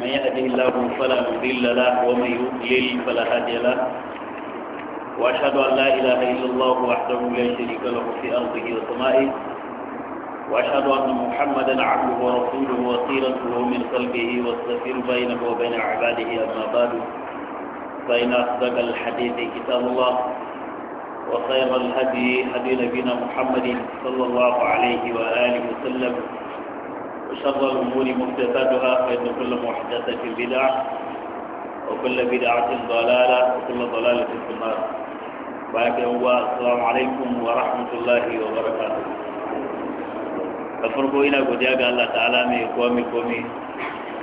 من يهده الله فلا مضل له ومن يضلل فلا هادي له وأشهد أن لا إله إلا الله وحده لا شريك له في أرضه وسمائه وأشهد أن محمدا عبده ورسوله وسيرته من قلبه والسفير بينه وبين عباده أما بعد فإن أصدق الحديث كتاب الله وخير الهدي هدي نبينا محمد صلى الله عليه وآله وسلم وشر الأمور محدثاتها فإن كل محدثة بدعة وكل بدعة ضلالة وكل ضلالة في النار بارك الله السلام عليكم ورحمة الله وبركاته da ina godiya ga Allah ta'ala mai komi komi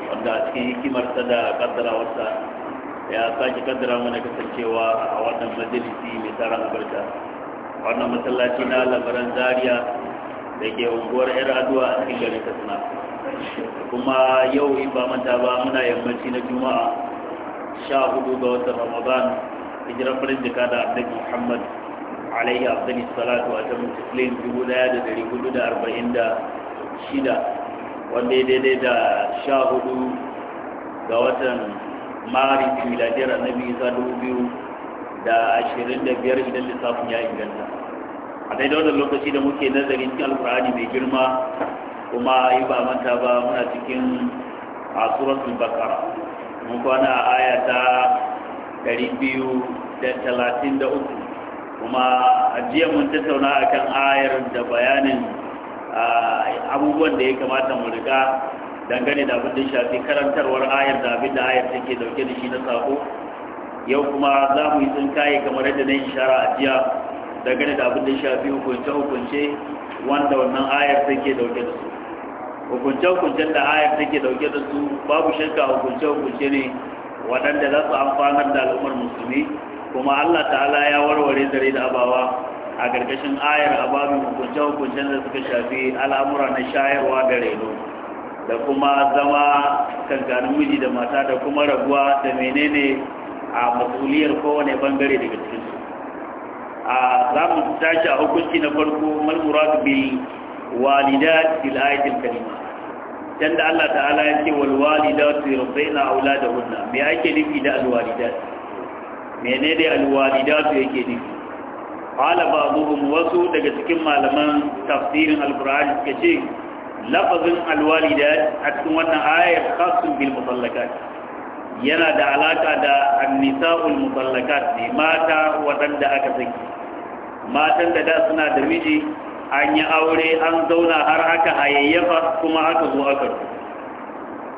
wanda a cikin hikimarsa da kaddarawarsa ya sake kaddara mana kasancewa a wannan majalisi mai tsaron albarka wannan masallaci na labaran zariya da ke unguwar yar aduwa a cikin garin katsina kuma yau in ba manta ba muna yammaci na juma'a sha hudu ga watan ramadan hijirar farin jika da annabi muhammad alaihi abdullahi salatu a ta mutuslim dubu daya da dari hudu da arba'in da shida wanda ya daidai da sha hudu ga watan maris miladiyar annabi isa dubu biyu da ashirin da biyar idan lissafin ya inganta a daidai wannan lokaci da muke nazarin cikin alkur'ani mai girma kuma yi ba manta ba muna cikin a suratul bakara mun kwana a aya ta 233 kuma a jiya mun tattauna a kan ayar da bayanin abubuwan da ya kamata mu riga dangane da abin da shafi karantarwar ayar da abin da ayar take dauke da shi na sako yau kuma za mu yi sun tsinkaye kamar yadda na ishara a jiya dangane da abin da shafi hukunce-hukunce wanda wannan ayar take dauke da su hukunce-hukuncen da ayar take dauke da su babu shakka hukunce-hukunce ne waɗanda za su amfanar da al'ummar musulmi kuma allah ta'ala ya warware zare da abawa a ƙarƙashin ayar a babin hukunce-hukuncen da suka shafi al'amura na shayarwa da reno da kuma zama kankanin miji da mata da kuma rabuwa da menene a masuliyar kowane bangare daga cikinsu a za mu tashi a hukunci na farko malmurad bil walidat bil ayatil kalima dan da Allah ta'ala ya ce wal walidatu yurdaina auladahunna me ake nufi da al walidat menene al walidatu yake nufi qala ba'dhum wasu daga cikin malaman tafsirin alqur'ani suka ce lafazin al walidat a cikin wannan ayar khasun bil mutallakat yana da alaka da annisa'ul mutallakat ne mata waɗanda aka saki matan da da suna da miji an yi aure an zauna har aka hayayyafa kuma aka zo aka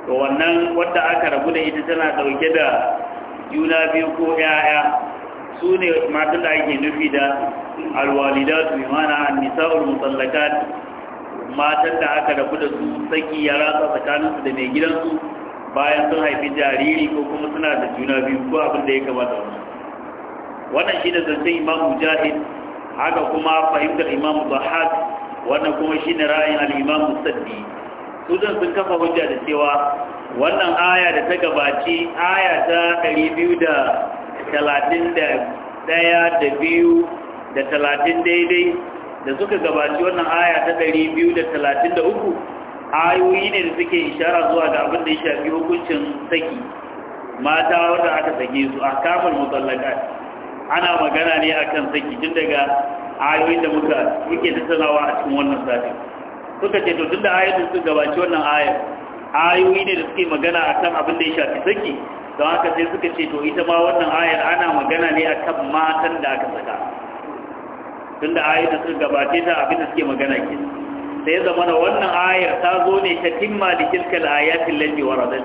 to wannan wadda aka rabu da ita tana dauke da juna biyu ko yaya su ne matan da ake nufi da alwalidatu mana annisa'ul mutallakat matan da aka rabu da su saki ya tsakaninsu da mai gidansu bayan sun haifi jariri ko kuma suna da juna biyu ko abin da ya kamata wani wannan shi ne zancen imam mujahid haka kuma fahimtar imam bahad wannan kuma shi ne ra'ayin al'imam musaddi su sun kafa hujja da cewa wannan aya da ta gabaci aya ta biyu da talatin da ɗaya da biyu da talatin daidai da suka gabaci wannan aya ta ɗari biyu da talatin da uku ayoyi ne da suke ishara zuwa ga abin da ya shafi hukuncin saki mata wanda aka sake su a kamar mutallaka ana magana ne a kan saki tun daga ayoyi da muka muke tattalawa a cikin wannan sati suka ce to tun da ayoyi su gabaci wannan ayar ayoyi ne da suke magana a kan abin da ya shafi saki don haka sai suka ce to ita ma wannan ayar ana magana ne a kan matan da aka saka tun da ayoyi da suka gabace ta abin da suke magana kenan ya zama wannan ayar ta zo ne ta timma da tilkal ayatin lati waradat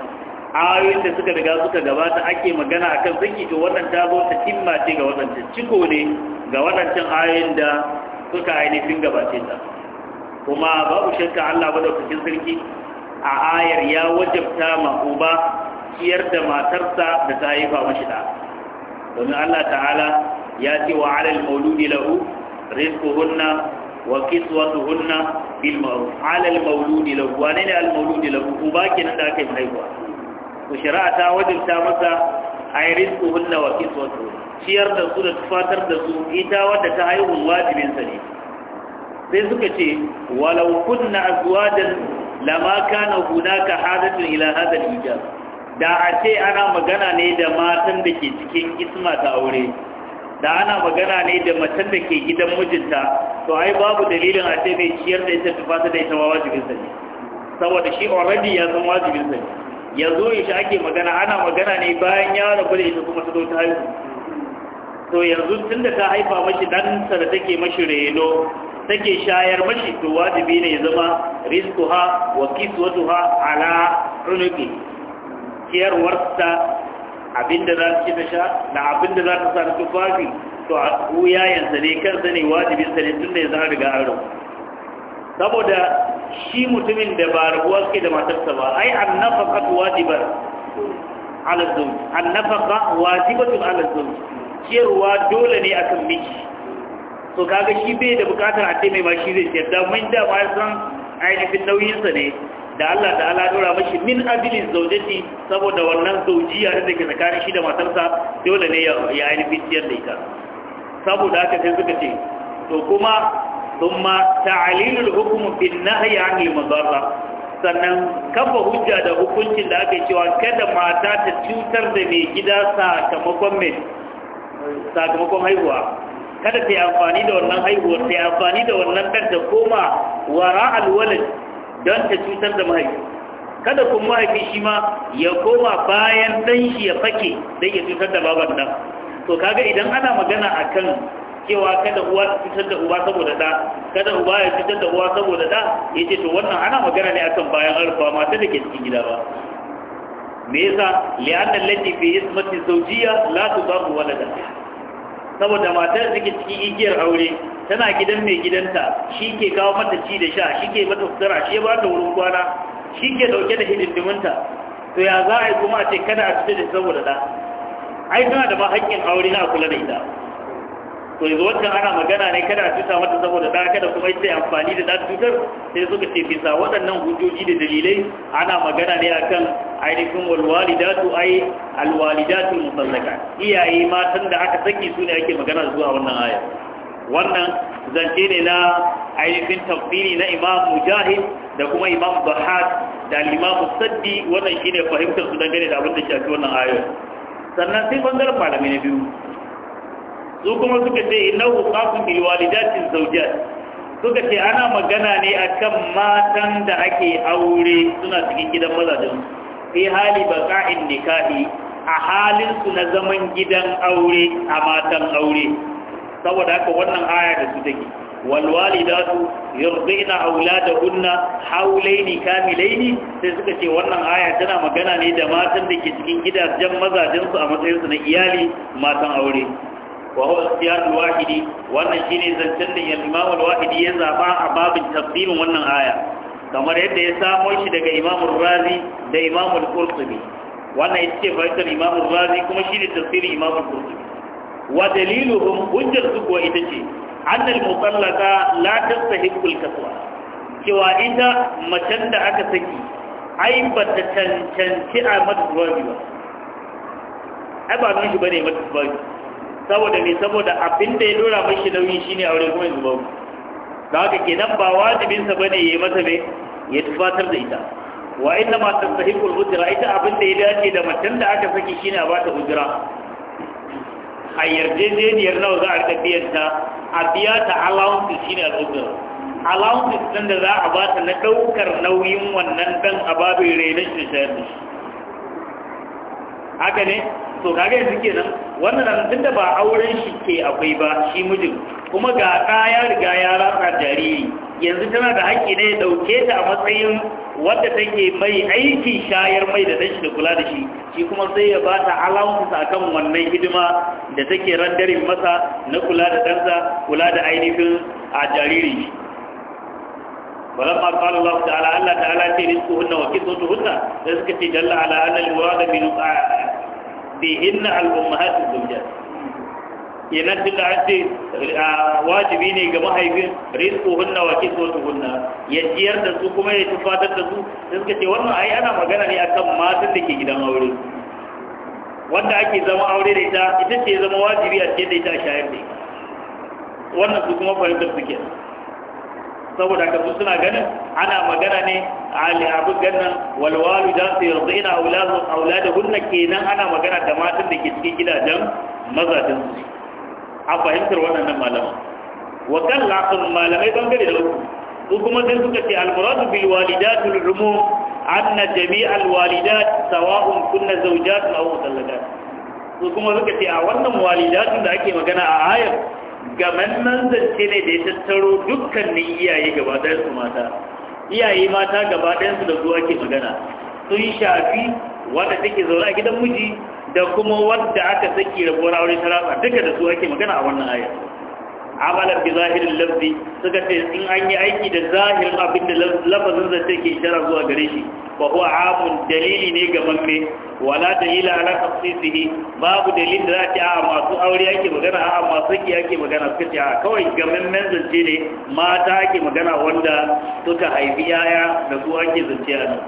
ayoyin da suka riga suka gabata ake magana akan zaki to wannan ta zo ta timma ce ga wadancan ciko ne ga wadancan ayoyin da suka ainihin gabace ta kuma babu shakka Allah madaukakin sarki a ayar ya wajabta ma uba ciyar da matarsa da ta haifa mashi da domin Allah ta'ala ya ce wa alal mauludi lahu rizquhunna wa kiswatuhunna bil ma'ruf ala al mawlud lahu wa ne al mawlud lahu uba kenan da aka haihuwa to shari'a ta wajibta masa ciyar da su da tufatar da su ita wadda ta haihu wajibin sa ne sai suka ce walau kunna azwajan lama kana hunaka hadatun ila hadha al ijab da a ce ana magana ne da matan da ke cikin isma ta aure da ana magana ne da matan da ke gidan mijinta to ai babu dalilin a ce mai ciyar da ita tufa da ita ma wajibin sa ne saboda shi already ya san wajibin sa ne yanzu in shi ake magana ana magana ne bayan ya rabu da ita kuma ta zo ta haihu to yanzu tunda ta haifa mashi dan sa da take mashi reno take shayar mashi to wajibi ne ya zama rizquha wa kiswatuha ala unuki ciyarwarsa abinda za ta ci ta sha da abinda za ta sa ta tufafi to a wuyayensa ne kansa ne wajibinsa ne tun da ya zama daga aro saboda shi mutumin da ba rabuwa suke da matarsa ba ai annafaka wajibar an nafaka wajibatun alazzum ciyarwa dole ne akan miki so kaga shi bai da bukatar a mai ma shi zai ce da mun da ma san ainihin nauyinsa ne da Allah da Allah dora mashi min abilin zaujati saboda wannan zaujiya da take tsakanin shi da matarsa dole ne ya ainihin ciyar da ita saboda haka sai suka ce to kuma thumma ta'lilul hukm bin nahyi 'anil madarra sannan kafa hujja da hukuncin da aka cewa kada mata ta cutar da mai gida sakamakon mai sakamakon haihuwa kada ta yi amfani da wannan haihuwar ta yi amfani da wannan ɗan da koma wara alwalad don ta cutar da mahaifi kada kuma mahaifi shi ma ya koma bayan ɗan shi ya fake don ya cutar da baban nan to kaga idan ana magana akan cewa kada uwa ta fitar da uwa saboda da kada uwa ya fitar da uwa saboda da yace to wannan ana magana ne akan bayan arfa mata da ke cikin gida ba me yasa li'anna allati fi ismati zawjiyya la tudaru walada saboda matar da ke cikin igiyar aure tana gidan mai gidanta shi ke kawo mata ci da sha shi ke mata sutura shi ba ta wurin kwana shi ke dauke da hidindiminta to ya za a yi kuma a ce kada a fitar da saboda da ai kana da ba hakkin aure na kula da ita to yanzu wannan ana magana ne kada a cuta mata saboda da kada kuma ita amfani da ɗan cutar sai suka ce bisa waɗannan hujjoji da dalilai ana magana ne akan ainihin walwalidatu ai alwalidatu musallaka iyaye matan da aka saki su ne ake magana zuwa wannan aya wannan zance ne na ainihin tafsiri na imam mujahid da kuma imam bahad da imam saddi wannan shine fahimtar su dangane da abin da shafi wannan ayoyi sannan sai bangaren malamai na biyu su kuma suka ce innahu qasun bil walidatin suka ce ana magana ne a kan matan da ake aure suna cikin gidan mazajen fi hali ba ka'in nikahi a halinsu na zaman gidan aure a matan aure saboda haka wannan aya da su take walwalidatu yurdina auladahunna haulaini kamilaini sai suka ce wannan aya tana magana ne da matan da ke cikin gidajen mazajensu a matsayinsu na iyali matan aure wa huwa siyar wahidi wannan shine zancen da al-imam al-wahidi ya zaba a babin tafsirin wannan aya kamar yadda ya samo shi daga imam al-razi da imam al-qurtubi wannan yace fa'idar imam al-razi kuma shine tafsirin imam al-qurtubi wa daliluhum hujjar su kuwa ita ce annal mutallaka la tastahiqul kaswa cewa ita macen da aka saki ai ba ta cancanci a mata zuwaji ba ai ba mishi bane mata zuwaji saboda ne saboda abin da ya dora mishi nauyi shine aure kuma ya zubawu ka haka kenan ba wajibin sa bane yayi masa ne ya tufatar da ita wa inna ma tastahiqul ujra ita abin da ya dace da macen da aka saki shine a bata ujra a yarjejeniyar nawa za a rika biyan ta a biya ta ne shine al'ummar allowance ɗin da za a ba ta na ɗaukar nauyin wannan ɗan a babin na shi da shayar haka ne to kaga yanzu kenan wannan tunda ba auren shi ke akwai ba shi mijin kuma ga ɗa ya riga ya rasa jariri yanzu tana da haƙƙi ne ya ɗauke ta a matsayin wadda take mai aiki shayar mai da dashi da kula da shi shi kuma sai ya ba ta alawansa akan wannan hidima da take randare masa na kula da ɗansa kula da ainihin a jariri shi ولما قال الله تعالى الله تعالى في رزقهن وكسوتهن رزق جل على ان المراد من bihinna al-ummahatul zawjat kenan tun da an ce wajibi ne ga mahaifin rizku hunna wa kiso hunna ya ciyar da su kuma ya tufatar da su da suka ce wannan ai ana magana ne akan matan da ke gidan aure wanda ake zama aure da ita ita ce zama wajibi a ce da ita a shayar da ita wannan su kuma fahimtar su kenan saboda ka su suna ganin ana magana ne a abu gannan walwalu da su yarda ina auladu auladu hunna kenan ana magana da matan da ke cikin gidajen mazajen su a fahimtar waɗannan malaman wa kan lafin malamai bangare da wasu. su kuma sai suka ce almuradu bil walidatul umum anna jami'al walidat sawa'un kunna zawjatun aw mutallaqat su kuma suka ce a wannan walidatun da ake magana a ayar gamamman zance ne da ya tattaro dukkanin iyaye gaba ɗayansu mata iyaye mata gaba ɗayansu da zuwa ke magana sun shafi wadda take zaune a gidan miji da kuma wadda aka saki rabuwar aure ta raba duka da zuwa ke magana a wannan ayar amalan bi zahirin lafzi suka ce in an yi aiki da zahirin abin da lafazin zance ke ishara zuwa gare shi wa huwa amun dalili ne ga mamme wala dalila ala tafsisihi babu dalil da za a masu aure yake magana a masu ki yake magana suka ce kawai ga mammen zance ne mata ake magana wanda suka haifi yaya da su ake zance a nan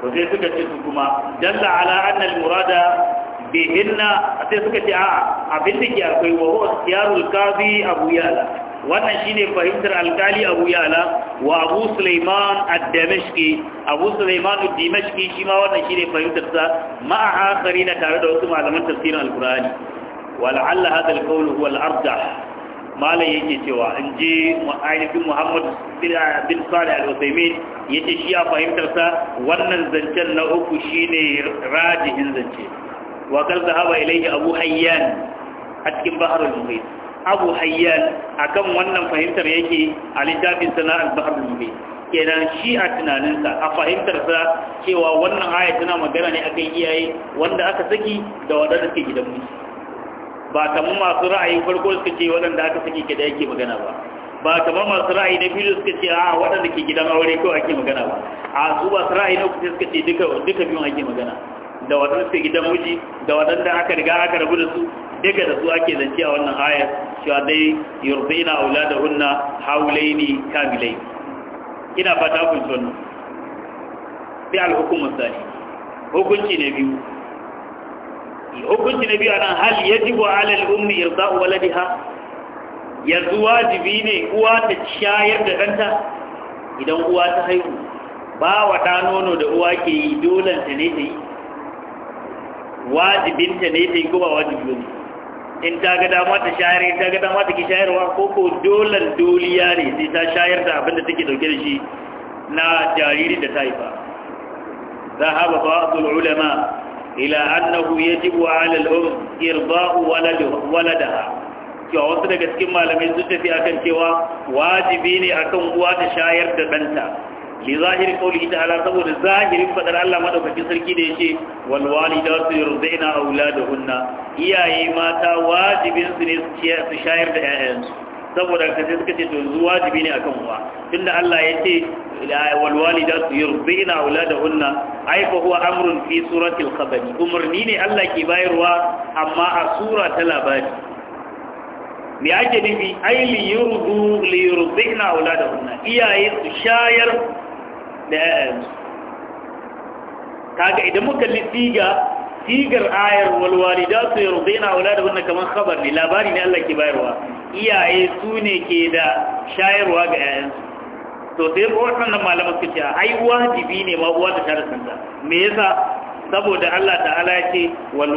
to sai suka ce su kuma dalla ala annal murada bihinna sai suka ce a abin da ke akwai wa huwa siyarul qadi abu yala wannan shine fahimtar alkali abu yala wa abu Suleiman ad-damashqi abu Suleiman ad-damashqi shi ma wannan shine fahimtar sa ma'a akharina tare da wasu malaman tafsirin alqur'ani wa la'alla hadha al-qawl huwa al-arjah malam yake cewa in je ainihin muhammad bin salih al-usaimin yace shi ya fahimtar sa wannan zancen na uku shine rajihin zance wa zahaba ilaihi abu hayyan a cikin baharul muhit abu hayyan akan wannan fahimtar yake a littafin sana'ar baharul muhit kenan shi a tunaninsa a fahimtarsa cewa wannan aya tana magana ne akan iyaye wanda aka saki da waɗanda suke gidan musu. ba kamar masu ra'ayin farko suka ce waɗanda aka saki ke da yake magana ba ba kamar masu ra'ayi na biyu suka ce a waɗanda ke gidan aure kawai ake magana ba a su ba su ra'ayi na kusa suka ce duka biyun ake magana da waɗanda suke gidan miji da waɗanda aka riga aka rabu da su daga da su ake zance a wannan ayar cewa dai yurdina auladahunna haulaini kamilai ina fata kun wannan sai al-hukumu sani hukunci ne biyu hukunci na biyu anan hal yajibu ala al-ummi irda'u waladiha yanzu wajibi ne uwa ta shayar da danta idan uwa ta haihu ba wa da nono da uwa ke yi dole ne ta yi wajibinta ne ta yi ko wajibi ne in ta ga dama ta shayar ta ga dama ta ki shayarwa ko ko dolan doliya ne sai ta shayar da abinda take dauke da shi na jariri da ta haifa ذهب بعض العلماء إلى أنه يجب على الأم إرضاء ولدها cewa wasu daga cikin malamai sun tafi akan cewa wajibi ne akan uwa ta shayar da ɗanta li zahiri qawli ta'ala saboda zahirin fadar Allah madaukakin sarki da yace wal walidatu yurdaina auladuhunna iyaye mata wajibin su ne su shayar da ƴaƴansu saboda kace suka ce to zuwa wajibi ne akan uwa tunda Allah yace wal walidatu yurdaina auladuhunna ai fa huwa amrun fi surati al khabari umurni ne Allah ke bayarwa amma a sura ta labari me ake nufi ai liyurdu liyurdina auladahunna iyaye su shayar da yayansu kaga idan muka li siga sigar ayar walwalida su da wannan kaman khabar ne labari ne Allah ke bayarwa iyaye su ne ke da shayarwa ga yayansu to sai wannan malaman suka ai wajibi ne ma uwa ta share sanda me yasa saboda Allah ta'ala ya ce wal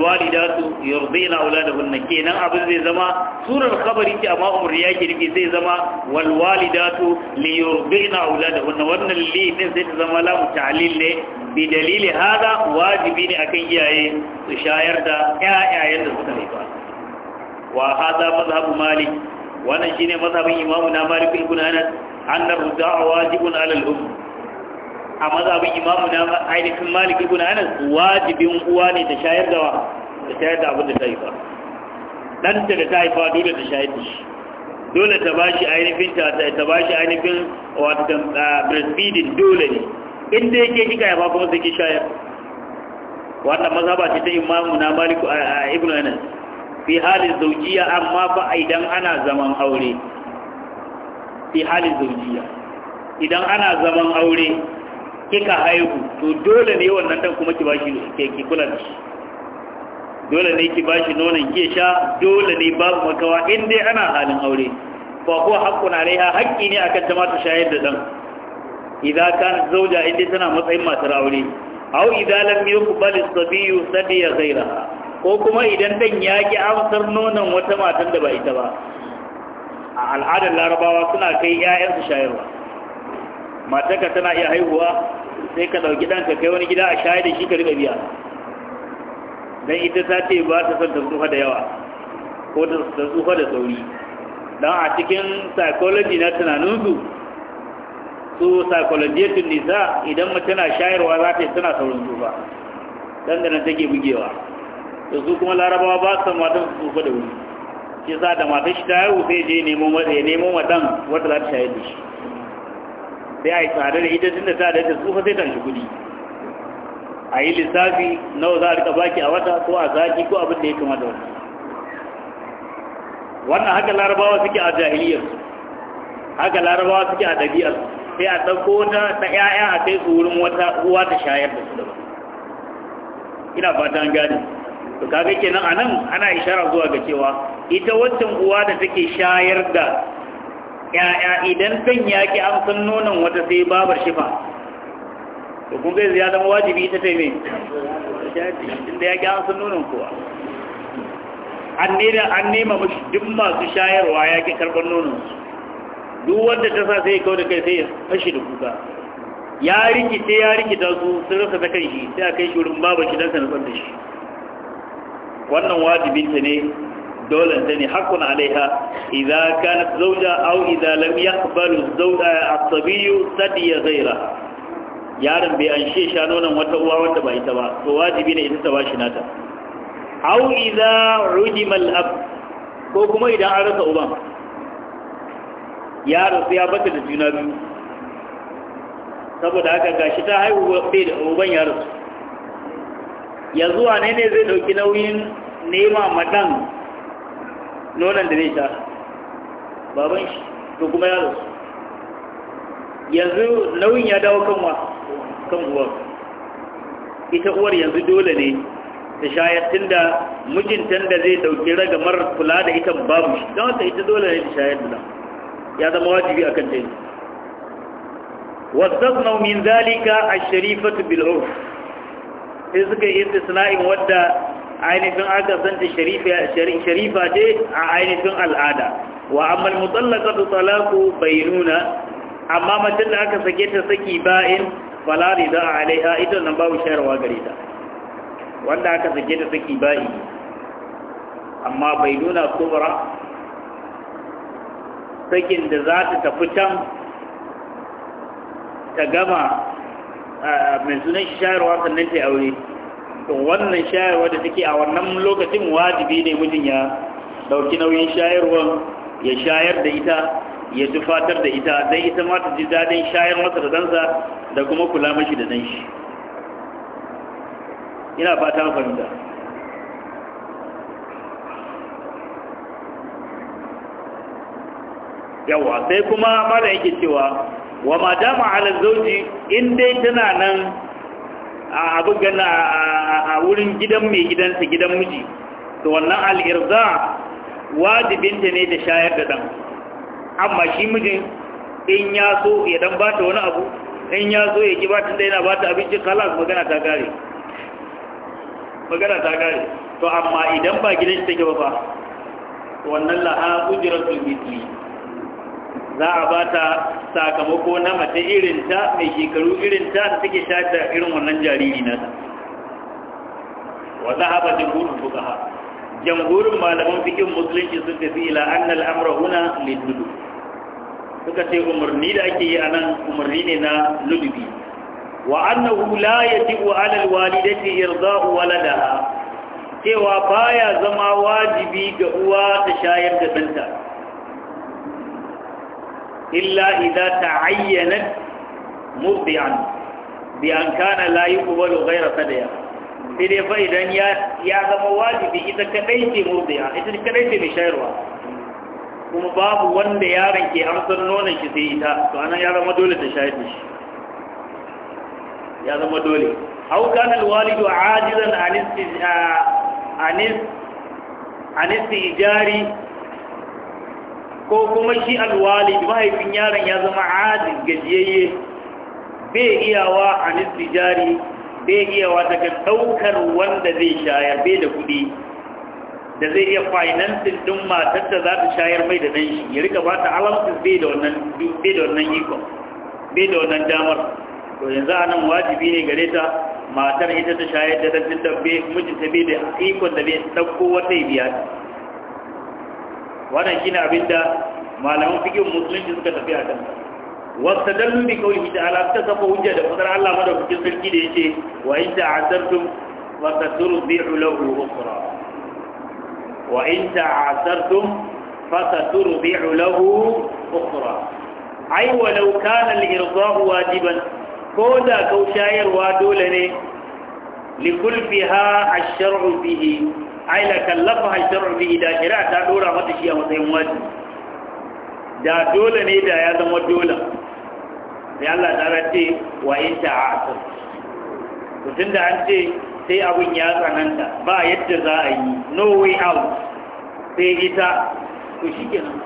yurdina auladahunna kenan abin zai zama surar kabari ce amma umar ya kirki zai zama wal li yurdina auladahunna wannan li din zai ta zama lamu ta'lil ne bi dalili hada wajibi ne akan iyaye su shayar da ƴaƴayen da suka haifa wa hada mazhabu malik wannan shine mazhabin imamu na malik ibn anas annahu da'a wajibun 'ala umm. a mazabin imamu na ainihin malik guna anas wajibin uwa ne ta shayar da wa ta shayar da abin da ta haifa ta da ta haifa dole ta shayar da shi dole ta ba shi ainihin ta ba shi ainihin wata breastfeeding dole ne inda yake kika haifa kuma sai ke shayar wannan mazaba ce ta imamu na a ibn anas fi halin zaujiya amma ba idan ana zaman aure fi halin zaujiya idan ana zaman aure kika haihu to dole ne wannan dan kuma ki bashi ki kula da shi dole ne ki bashi nonon ki sha dole ne babu makawa in dai ana halin aure fa huwa haqqun alaiha haqqi ne akan ta mata shayar da dan idan kan zauja idan tana matsayin matar aure aw idan lam yuqbal as-sabiyyu sadiya ghayraha ko kuma idan dan ya ki amsar nonon wata matan da ba ita ba a al'adar larabawa suna kai 'ya'yansu shayarwa matarka tana iya haihuwa sai ka ɗauki ɗanka kai wani gida a shayar da shi ka riga biya don ita ta ce ba ta son ta tsufa da yawa ko ta tsufa da sauri don a cikin psychology na tunaninsu su tun nisa idan mace na shayarwa za ta yi tana saurin tsufa don da nan take bugewa to su kuma larabawa ba su matan su tsufa da wuri shi sa da matan shi ta haihu sai je nemo matan wata za ta shayar da shi sai a yi tsada da ita tun da ta da su tsufa sai ta kudi a yi lissafi nawa za a rika baki a wata ko a zaki ko abin da ya kama da wata wannan haka larabawa suke a jahiliyar haka larabawa suke a ɗabi'ar sai a ɗauko wata ta ƴaƴa a kai su wurin wata uwa ta shayar da su daban ina fatan gani to kaga kenan anan ana ishara zuwa ga cewa ita wancan uwa da take shayar da ya'ya idan kan ya ki san nonon wata sai babar shifa to kun ga ya zama wajibi ita ta mai inda ya ki san nonon kowa an nema mashi duk masu shayarwa ya ki karɓar nonon duk wanda ta sa sai kawo da kai sai ya fashi da kuka ya rikice ya rikita su sun rasa ta kan shi sai a kai shi wurin babar shi don sa na da shi wannan wajibinta ne dole ne haqqun alaiha idza kanat zawja aw idza lam yaqbal zawja as-sabiy sadiya ghayra yaron bai an she sha nonon wata uwa wanda ba ita ba to wajibi ne ita ta bashi nata aw idza udima al-ab ko kuma idan an rasa uban yaro sai ya bata da juna biyu saboda haka gashi ta haihu bai da uban yaro yanzu wane ne zai dauki nauyin nema madan nonon da zai ta, baban shi to kuma yaro yanzu nauyin ya dawo kan wa kan uwar ita uwar yanzu dole ne ta shayar tunda mijintan da zai dauke ragamar kula da ita babu shi don haka ita dole ne ta shayar da ya zama wajibi akan ta yi wastasnau min zalika a sharifatu bil urf sai suka yi istisna'in wadda ainihin aka zanta sharifa ce a ainihin al'ada wa amma mutallaka da talaku bai nuna amma matan da aka sake ta saki ba'in falari da a alaiha ita nan babu shayarwa gare ta wanda aka sake ta saki ba'i amma bai nuna kubra sakin da za ta tafi can ta gama mai sunan shayarwa sannan ta yi aure to wannan shayarwa da take a wannan lokacin wajibi ne mijin ya dauki nauyin shayarwa ya shayar da ita ya tufatar da ita dai ita ma ta ji dadin shayar masa da danza da kuma kula mashi da dan shi ina fata fahimta yawa sai kuma mara yake cewa wa ma ala zauji in dai tana nan a abin a wurin gidan mai gidansa gidan miji to wannan al'irza wajibinta ne da shayar da ɗan amma shi mijin in ya so ya dan ba ta wani abu in ya so ya ki ba ta yana ba ta abinci kalas magana ta gare magana ta gare to amma idan ba gidan shi take ba ba wannan laha ujratul mithli za a ba ta sakamako na mace irinta mai shekaru irinta da take shata irin wannan jariri nasa wa zahaba jumhurul fuqaha jamhurin malaman fikin musulunci sun tafi ila annal amra huna lidudu suka ce umarni da ake yi a nan umarni ne na ludubi wa annahu la yajibu ala alwalidati irda'u waladaha cewa baya zama wajibi ga uwa ta shayar da danta illa idza ta'ayyanat mubdi'an bi an kana la yuqbalu ghayra sadaya sai fa idan ya ya zama wajibi ita kadai ce mubdi'a ita kadai ce mai shayarwa kuma babu wanda yaron ke amsar nonon shi sai ita to anan ya zama dole ta shayar da shi ya zama dole aw kana alwalidu ajizan an istijar an istijari ko kuma shi alwali mahaifin yaron ya zama adin gajiyayye bai iyawa a nisijari bai iyawa daga daukar wanda zai shayar bai da kuɗi da zai iya finansin ɗin matar da za ta shayar mai da shi ya rika ba ta alamtin bai da wannan ikon bai da wannan damar to yanzu a nan wajibi ne gare ta matar ita ta shayar da ɗan dabbe mijinta bai da ikon da bai ɗauko wata biya wannan shine abinda malaman fiqh musulunci suka tafi a kan kansa wastadallu bi qawlihi ala ta saba hujja da fadar Allah madaukakin sarki da yake wa in ta'asartum wa saturbihu lahu ukhra wa in ta'asartum fa saturbihu lahu ukhra ai walau kana al-irda wajiban ko da kaushayarwa dole ne likulfiha ash-shar'u bihi ai la kallafa ash-shar'u bihi da shari'a ta dora mata shi a matsayin wajibi da dole ne da ya zama dole sai Allah ta ce wa in ta'ata to tunda an ce sai abun ya tsananta ba yadda za a yi no way out sai ita to shikenan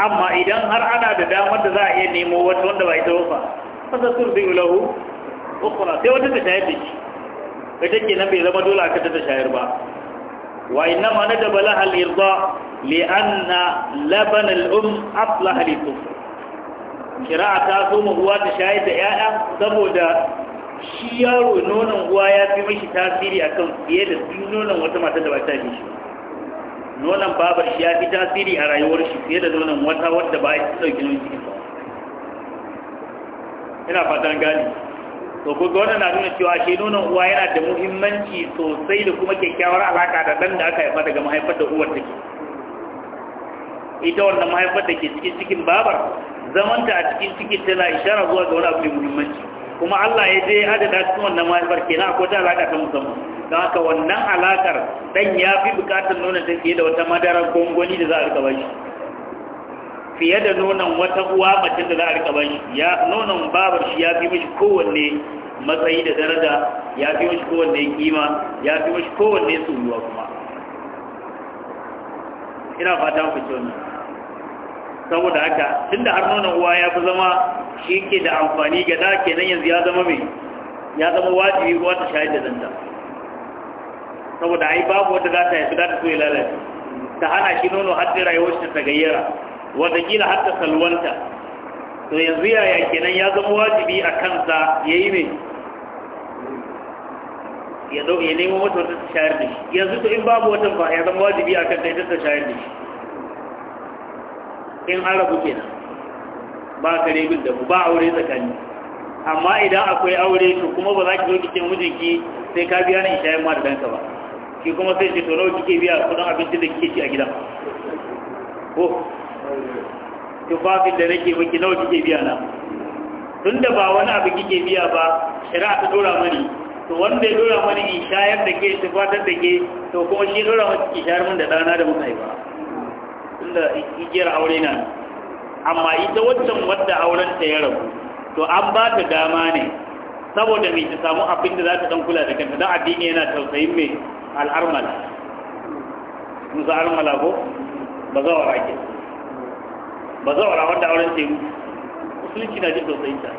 amma idan har ana da damar da za a iya nemo wata wanda ba ita ba fa fa sun bi lahu ukhra sai wata ta tafi Ka kace kenan bai zama dole aka ta shayar ba wa inna ma na dabala hal irda li anna laban al um aslaha li tuf kira'a ta so mu uwa ta shayar da yaya saboda shi yaro nonon uwa ya fi mishi tasiri akan fiye da nonon wata mata da ba ta shi nonon babar shi ya fi tasiri a rayuwar shi fiye da nonon wata wadda ba ya ɗauki nonon cikin ba ina fatan gani to kuka wannan na nuna cewa shi nuna uwa yana da muhimmanci sosai da kuma kyakkyawar alaka da ɗan da aka haifa daga mahaifar da uwar take ita wannan mahaifar da ke cikin cikin babar zamanta a cikin cikin tana ishara zuwa ga wani abu mai muhimmanci kuma Allah ya je da cikin wannan mahaifar ke na akwai alaka ta musamman don haka wannan alakar dan ya fi buƙatar nuna ta fiye da wata madarar gongoni da za a rika shi. fiye da nonon wata uwa mace da za a rika bashi ya nonon babar shi ya fi mishi kowanne matsayi da daraja ya fi mishi kowanne kima ya fi mishi kowanne tsuluwa kuma ina fata ku ce wannan saboda haka tunda har nonon uwa ya fi zama shi ke da amfani ga da kenan yanzu ya zama mai ya zama wajibi ko wata shayar da zanta saboda ai babu wata za ta yi su za ta so ya lalace ta hana shi nono har da rayuwar ta gayyara watakila hatta salwanta to yanzu yaya kenan ya zama wajibi a kansa ya yi mai ya zo ya nemo mata wata ta shayar da shi yanzu to in babu wata ba ya zama wajibi a kanta ya ta shayar da shi in an rabu kenan ba kare bin da ba aure tsakani amma idan akwai aure to kuma ba za ki zo ki mijinki sai ka biya ni shayar ma da danka ba ki kuma sai ce to nawa kike biya kudin abinci da kike ci a gidan ko tufafin da nake baki nawa kike biya na tun da ba wani abu kike biya ba shari'a ta dora mani to wanda ya dora mani in shayar da ke tufatar da ke to kuma shi dora mani ki shayar min da dana da muka ba. tun da igiyar aure na amma ita wancan wadda auren ta ya rabu to an ba ta dama ne saboda mai ta samu abin da za ta dan kula da kanta don addini yana tausayin mai al'armala musa al'armala ko ba za wa su ba rawar da auren teku musulunci na jin sosai. ta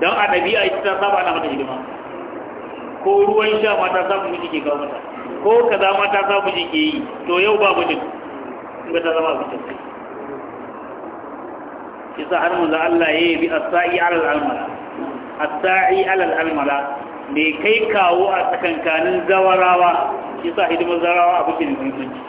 don a ɗabi'a ita ta saba ana mata hidima ko ruwan sha mata samu miji ke kawo mata ko za mata samu miji ke yi to yau ba mijin in ba ta zama abincin sai sa har za Allah ya yi bi as-sa'i alal almala as-sa'i alal almala me kai kawo a tsakankanin zawarawa sa hidimar zawarawa abu ne muhimmanci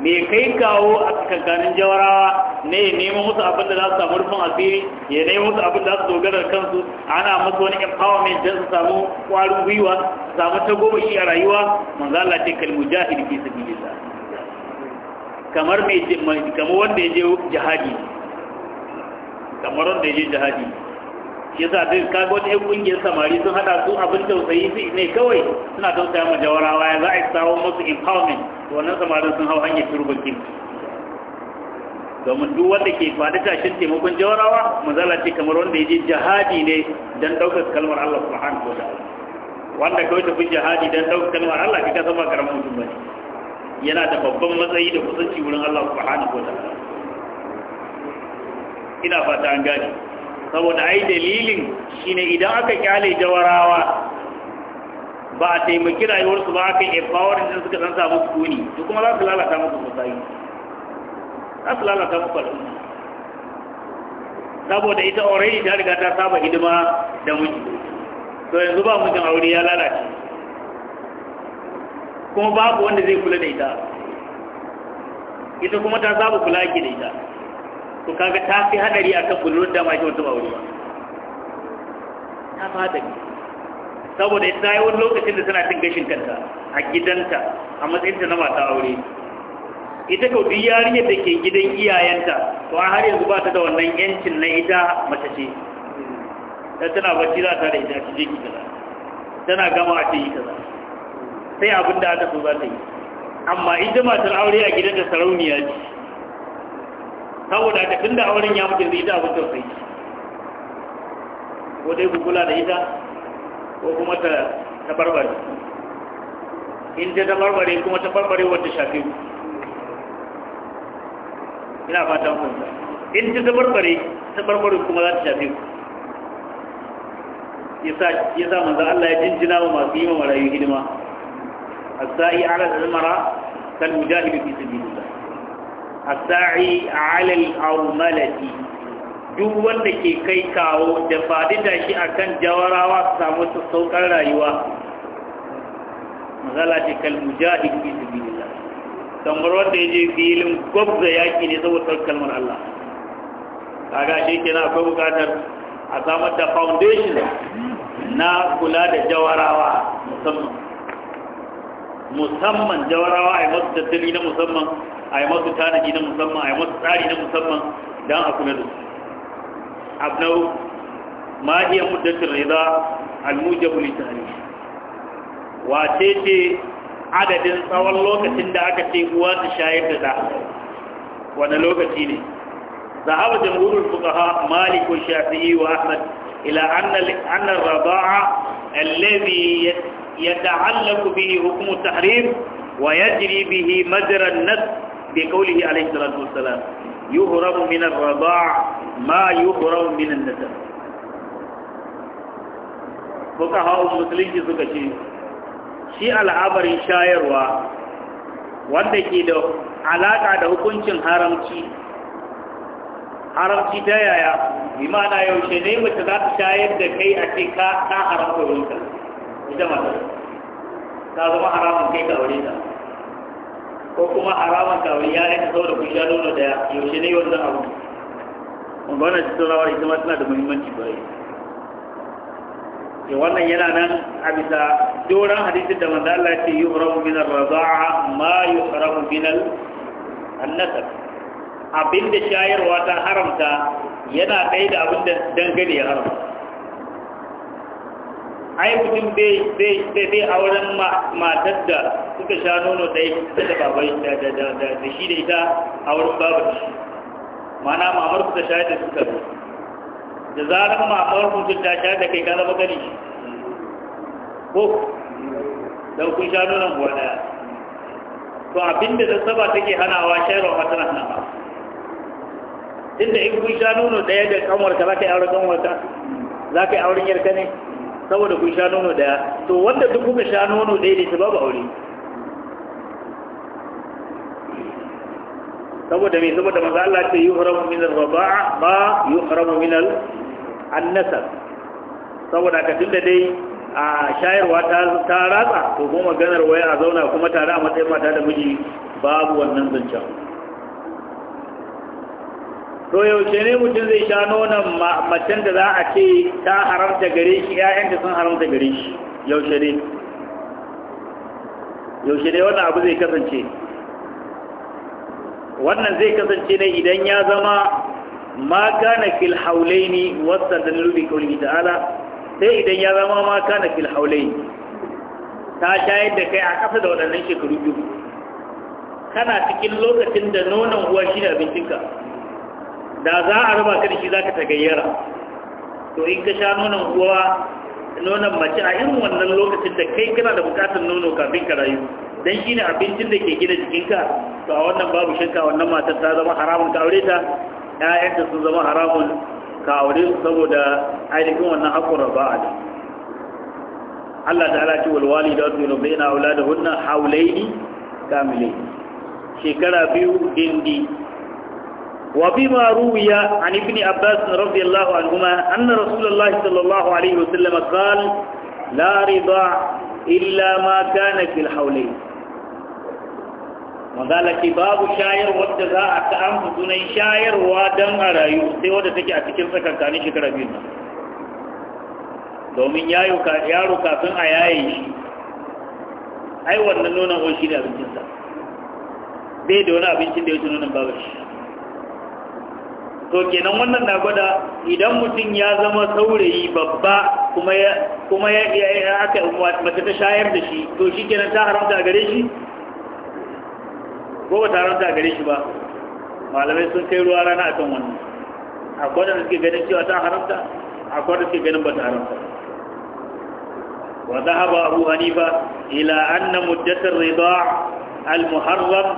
me kai kawo a tsakankanin jawarawa ne ya nemo musu abin da za su samu rufin asiri ya nemo musu abin da za su dogara kansu ana musu wani empowerment don su samu kwarin gwiwa su samu ta goma shi a rayuwa manzala ce kalmu jahili fi sabilillah kamar mai kamar wanda ya je jihadi kamar wanda ya je jihadi yasa duk kaga wata yan kungiyar samari sun hada su abin tausayi su ne kawai suna tausaya ma jawarawa ya za a samu musu empowerment to wannan samarin sun hau hanyar turbakin domin duk wanda ke faɗi tashin taimakon jawarawa mazala ce kamar wanda ya je jihadi ne don ɗaukar kalmar Allah subhanahu wa ta'ala wanda kawai tafi jihadi don ɗaukar kalmar Allah ka kasa ba karamin mutum bane yana da babban matsayi da kusanci wurin Allah subhanahu wa ta'ala ina fata an gane saboda ai dalilin shine idan aka kyale jawarawa ba a taimaki rayuwarsu ba aka yi empowering din suka san samu sukuni to kuma za su lalata musu musayi za su lalata musu al'umma saboda ita already ta riga ta saba hidima da miji to yanzu ba mijin aure ya lalace kuma babu wanda zai kula da ita ita kuma ta saba kula ki da ita to kaga ta fi hadari kan budurwar da mai mutum wuri ba ta fi hadari saboda ita yi wani lokacin da tana cin gashin kanta a gidanta a matsayinta na mata aure ita kau duk yarinyar da ke gidan iyayenta to an har yanzu ba ta da wannan yancin na ita mace ce dan tana bacci za ta da ita ki je ki kaza tana gama ce yi kaza sai abin da aka so za ta yi amma ita matar aure a gidan da sarauniya ce saboda tun da auren ya mutu zai ta abin tausayi ko dai ku kula da ita ko kuma ta tabarbare barbare in ta ta barbare kuma ta barbare wanda shafe ku ina fatan kun in ta ta barbare ta barbare kuma za ta shafe ku ya sa manzo Allah ya jinjina wa masu yi wa marayu hidima as-sa'i ala al-mara kal mujahid fi sabilillah asa'i alal aumalati duk wanda ke kai kawo da da shi akan jawarawa su samu saukar rayuwa mazala ce kal mujahid fi sabilillah kamar wanda yaje filin gwabza yaki ne saboda kalmar Allah kaga shi ke na akwai bukatar a samar da foundation na kula da jawarawa musamman musamman jawarawa a yi masu tattali na musamman a yi masu tanadi na musamman a yi masu tsari na musamman don a kula da su abnau ma iya muddatin rida almujabu litani wace ce adadin tsawon lokacin da aka ce uwa ta shayar da da wani lokaci ne zahaba jamhurul ha malik wa shafi'i wa ahmad ila anna anna ar-rida'a alladhi yata'allaqu bihi hukmu tahrim ويجري به مجرى النسل في قوله عليه الصلاة والسلام يهرم من الرضاع ما يهرم من النسب فقهاء المسلمين suka ce shi al'abarin shayarwa wanda ke da alaƙa da hukuncin haramci haramci ta yaya imana yaushe ne mace za ta shayar da kai a ce ka haramta ka. ita mata ta zama haramun kai ka aure ta ko kuma da wani ya da saboda kun sha nono daya yaushe ne wannan abu wannan shi tsorawar ita ma tana da muhimmanci kwarai ke wannan yana nan a bisa doron hadisin da manzo Allah ya ce yi haramun ar-raza'a ma yuhramu min an-nasab abinda shayarwa ta haramta yana kai da abinda dangane ya haramta ai mutum bai auren matar da suka sha nono ɗaya ita da babai da shi da ita a wurin babu shi mana mamar su ta sha da suka zo da zarar mamar mutum ta sha da kai ka zama gani ko don kun sha nonon buwa ɗaya to abinda da saba take hanawa shayarwa mata na hanawa inda in kun sha nono ɗaya da kanwarka za ka yi auren kanwarka za ka yi auren yarka ne saboda kun sha nono daya to wanda duk kuma sha nono daya ne ta babu aure saboda mai saboda maza Allah ce yi haramu minal raba'a ba yi haramu minal annasar saboda ka tunda da dai a shayarwa ta ratsa to kuma ganar waya a zauna kuma tare a matsayin mata da miji babu wannan zancen to yaushe ne mutum zai sha nonon macen da za a ce ta haramta gare shi ‘ya'yan da sun haramta gare shi yaushe ne yaushe ne wannan abu zai kasance wannan zai kasance ne idan ya zama ma kana fil ne wasu da lullubi kawai ta'ala sai idan ya zama ma kana fil haulai ta shayar da kai a ƙasa da waɗannan shekaru biyu kana cikin lokacin da nonon uwa shi da abincinka da za a raba ka da shi za ka tagayyara to in ka sha nonon uwa nonon mace a irin wannan lokacin da kai kana da bukatar nono kafin ka rayu dan shi ne abincin da ke gina jikinka to a wannan babu shinka wannan matar ta zama haramun ka aure ta ƴaƴanta sun zama haramun ka aure su saboda ainihin wannan ba a da. Allah ta'ala ce wal walidatu yurabbi'na auladahunna haulaini kamile. shekara biyu dindi وبما روي عن ابن عباس رضي الله عنهما أن رسول الله صلى الله عليه وسلم قال لا رضا إلا ما كان في الحولين وذلك باب شاير والجزاء أتأم سنين شاير ودم أرايو سيوة تكي أتكين سكر كاني شكرا بينا domin yaro kafin a yaye shi ai wannan nonon shi ne abincinsa bai da wani abincin da ya ci nonon babar shi to kenan wannan na gwada idan mutum ya zama saurayi babba kuma ya kuma ya aka mace ta shayar da shi to shi kenan ta haramta a gare shi ko ba ta haramta a gare shi ba malamai sun kai ruwa rana a kan wannan akwai da suke ganin cewa ta haramta akwai da suke ganin ba ta haramta wa zahaba abu hanifa ila anna muddatar rida al-muharram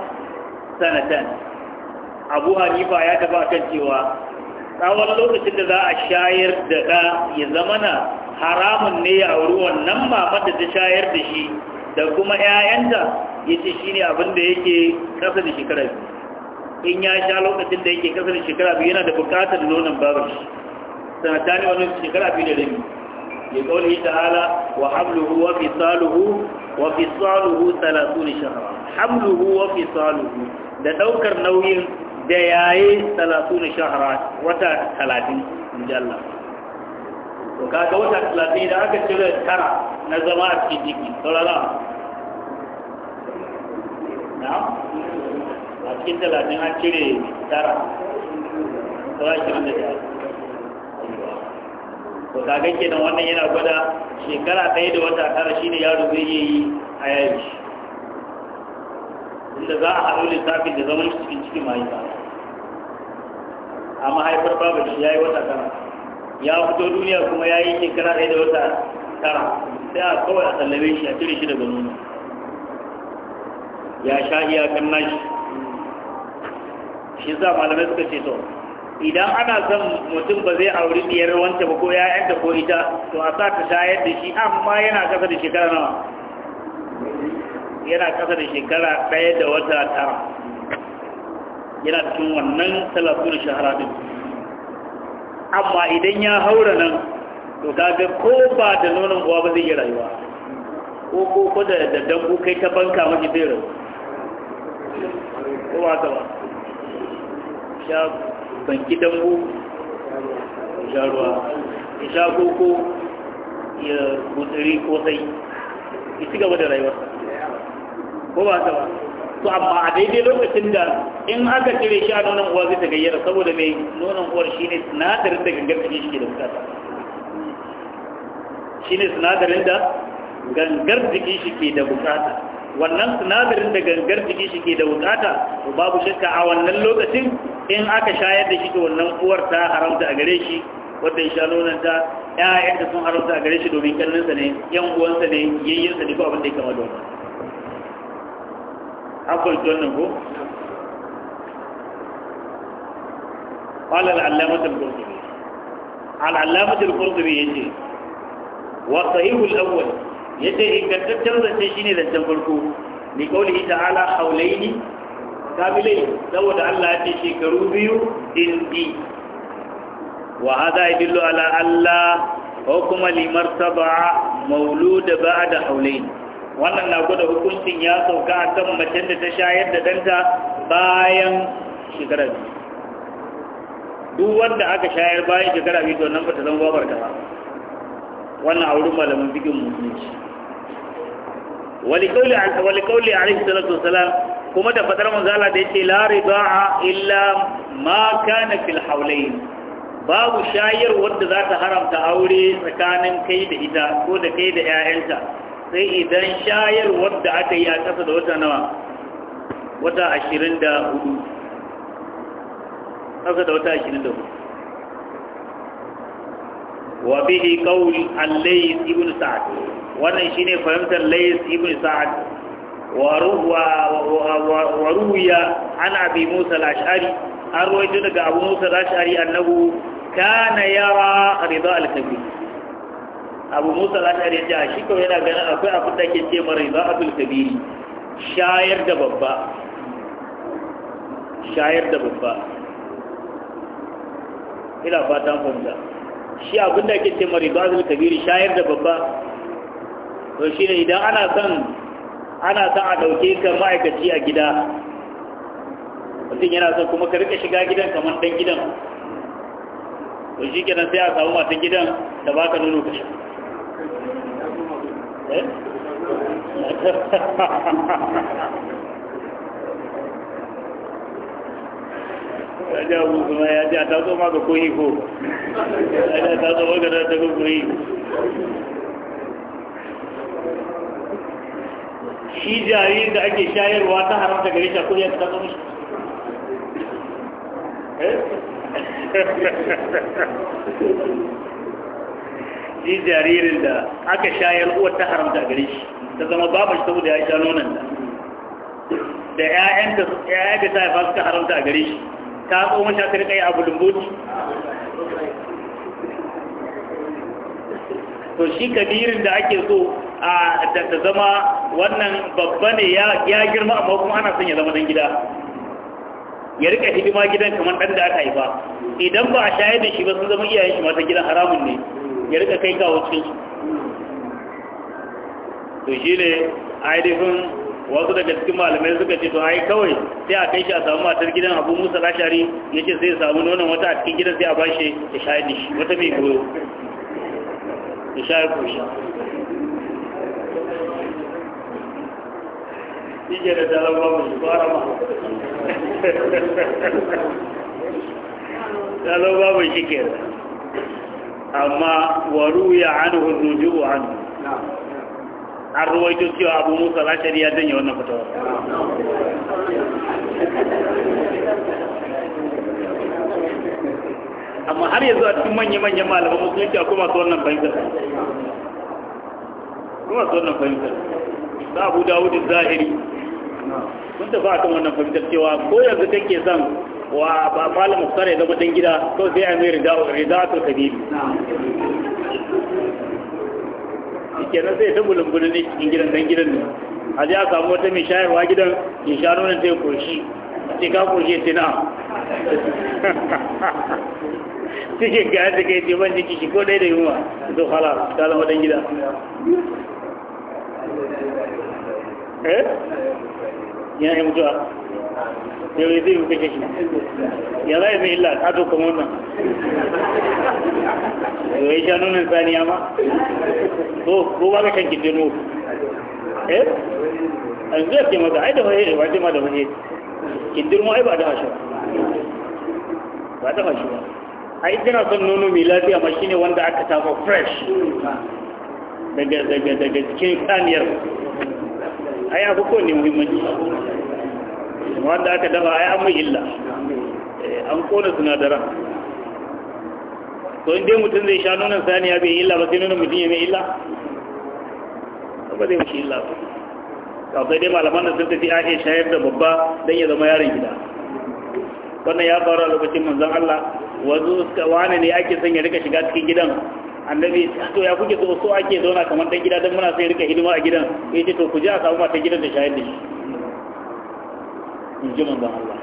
sanatan abu hanifa ya tafi a kan cewa tsawon lokacin da za a shayar da ɗa ya zamana haramun ne ya auri wannan mamar da ta shayar da shi da kuma 'ya'yanta ya ce shi ne abin da yake kasa da shekara biyu in ya sha lokacin da yake kasa da shekara biyu yana da buƙatar nonon babar shi sanata ne wani shekara biyu da rami ya kauli Ala wa hamluhu wa fisaluhu wa fisaluhu 30 shahra hamluhu wa fisaluhu da ɗaukar nauyin da ya yi talatun shahara, wata talatin inji Allah to kaga wata talatin da aka cire tara na zama a cikin jiki saurara na a cikin talatin an cire tara shi da ya to kaga kenan wannan yana gwada shekara ɗaya da wata tara shine yaro zai yi a yayi inda za a haɗu lissafin da zaman cikin cikin mahaifa a mahaifar babu shi ya yi wata tara ya fito duniya kuma ya yi shekara ɗaya da wata tara sai a kawai a sallame shi a cire shi daga nuna ya sha iyakar nashi shi sa malamai suka ce to idan ana son mutum ba zai auri diyar wanta ba ko ya'yanta ko ita to a sa ta shayar da shi amma yana kasa da shekara nawa yana kasa da shekara ɗaya da wata tara yana cikin wannan talatun shahara din amma idan ya haura nan to kaga ko ba da nonon uwa ba zai yi rayuwa ko ko ko da dangu kai ta banka maki zai rayu ko ba ta ba sha banki dangu sha ruwa ya sha koko ya gutsiri ko sai ya ci gaba da rayuwa. ko ba ta ba to amma a daidai lokacin da in aka cire shi a nonon uwa zai ta gayyara saboda mai nonon uwar shi ne sinadarin da gangar jiki shi ke da bukata shi ne sinadarin da gangar shi ke da bukata wannan sinadarin da gangar jiki shi ke da bukata to babu shakka a wannan lokacin in aka shayar da shi to wannan uwar ta haramta a gare shi wadda ya sha nonon ta ƴaƴan da sun haramta a gare shi domin kannansa ne yan uwansa ne yayyansa ne ko abin da ya kama da wannan an fahimci wannan ko qala al-allamah al-qurtubi al-allamah al-qurtubi yace wa sahih al-awwal yace ingantaccen zance shine zancen farko ni qawlihi Allah ya shekaru biyu dindi وهذا يدل على ألا حكم لمرتبع مولود بعد حولين wannan na gwada hukuncin ya sauka a kan macen da ta shayar da danta bayan shekara biyu duk wanda aka shayar bayan shekara biyu to nan ba ta zama babar ba wannan a wurin malamin bikin musulunci a alaihi salatu wasalam kuma da fatar manzala da lari ba a illa ma na fil haulayin babu shayar wanda za ta haramta aure tsakanin kai da ita ko da kai da 'ya'yanta sai idan shayar wadda aka yi a ƙasa da wata nawa wata ashirin da hudu ƙasa da wata ashirin da hudu wa bihi qawli an layis ibn sa'ad wannan shine fahimtar layis ibn sa'ad wa ruwa an abi musa al an ruwaito daga abu musa al annabu annahu kana yara rida al-kabir abu musa lashari ya ce shi kawai yana ganin akwai abin da ke ce mara riba abul kabiri shayar da babba shayar da babba ila fatan fahimta shi abin da ke ce mara riba abul kabiri shayar da babba to shi ne idan ana son ana son a ɗauke ka ma'aikaci a gida mutum yana son kuma ka rika shiga gidan kamar ɗan gidan to shi kenan sai a samu matan gidan da baka nuno ka sha Raja abu kuma ya ce a taso ma ga koyi ko, ya taso ma ga ta ga koyi. Shi jariri da ake shayarwa ta haramta gare shi a kuri ta taso mishi. Eh? shi jaririn da aka shayar uwar ta haramta gare shi ta zama babu shi saboda ya sha nonon da da da ƴaƴa da ta haifa suka haramta a gare shi ta tsoma sha ta rika yi abu lumbuci to shi kabirin da ake so a da ta zama wannan babba ne ya girma amma kuma ana son ya zama dan gida ya rika hidima gidan kamar dan da aka haifa idan ba a shayar da shi ba sun zama iyayen shi mata gidan haramun ne ya rika kai kawo cikin su to shi ne ainihin wasu daga cikin malamai suka ce to ai kawai sai a kai shi a samu matar gidan abu musa lashari ya ce sai samu nonon wata a cikin gidan sai a bashi ya shayar da shi wata mai goyo ya shayar ko shi Ije da dalar babu shi fara ma dalar babu shi ke amma waru ya anhu ruju'u anhu an ruwaito cewa abu musa lashari ya janye wannan fitowar amma har yanzu a cikin manya-manyan malaman musulunci a kuma su wannan fahimtar kuma su wannan fahimtar ta abu dawudin zahiri sun tafi a kan wannan fahimtar cewa ko yanzu kake zan. wa ba malam muktar ya zama dan gida to sai a mai to kabili kenan sai ta bulumbulu ne cikin gidan dan gidan ne a ji a samu wata mai shayarwa gidan in sha nonon ta yi koshi sai ka koshi sai na cikin ga yadda kai ce ban jiki shi ko ɗaya da yunwa zo hala ta zama dan gida eh yana yi mutuwa da zai zai kashe shi ya zai mai illa ta to kamar nan ya yi shanu nan saniya ma to ko ba ka shan kindino eh an zai ce maka ai da fahimta ba ce ma da fahimta kindir mu ai ba da hashe ba da hashe ba ai tana son nono mai lafiya ma shine wanda aka tafa fresh daga daga daga cikin saniyar ai abu ko ne muhimmanci kamar wanda aka dafa ai amma illa eh, an kona sinadaran to inda mutum zai sha nonon saniya bai illa ba sai nonon mutum ya mai illa ba zai mashi illa ba kawai dai malaman da sun tafi ake shayar da babba don ya zama yaron gida wannan ya faru a lokacin manzan Allah wanzu suka wane ne ake son ya rika shiga cikin gidan annabi to ya kuke so so ake zauna kamar dan gida don muna sai rika hidima a gidan ya ce to ku je a samu mata gidan da shayar da shi in ji manzon Allah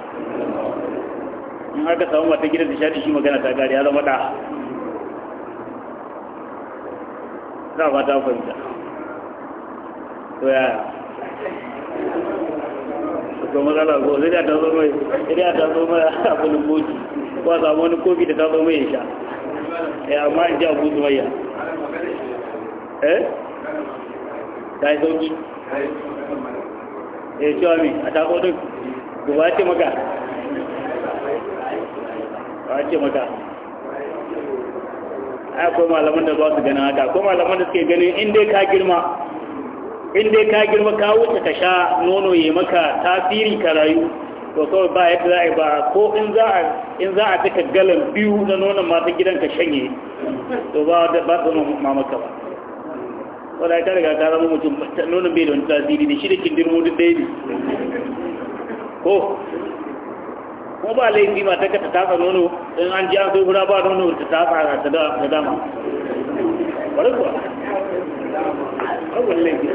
in aka samu mata gidan nishadi shi magana ta gari ya zama da za ba ta fahimta to ya to matsala ko sai da ta zo mai sai da ta zo mai a bulun boki ko a samu wani kofi da ta zo mai ya sha ya eh, amma in ji abu zumayya eh ta yi sauki eh cewa mi a takodin ba ce maka ba ce maka ko malaman da ba su ganin haka Ko malaman da suke ganin inda ka girma inda ka girma ka wuce ka sha nono ya maka tasiri ka rayu to kawai ba yadda za a yi ba ko in za a in za a tuka galan biyu na nonon mata gidan ka shanye to ba da ba tsanon mamaka ba wala ya ta riga ta zama mutum nonon bai da wani tasiri da shi da kindirmo duk daidai ko kuma ba laifi ba ta ta tafa nono in an ji an so guda ba nono ta tafa ta da ta dama bari kuwa abin laifi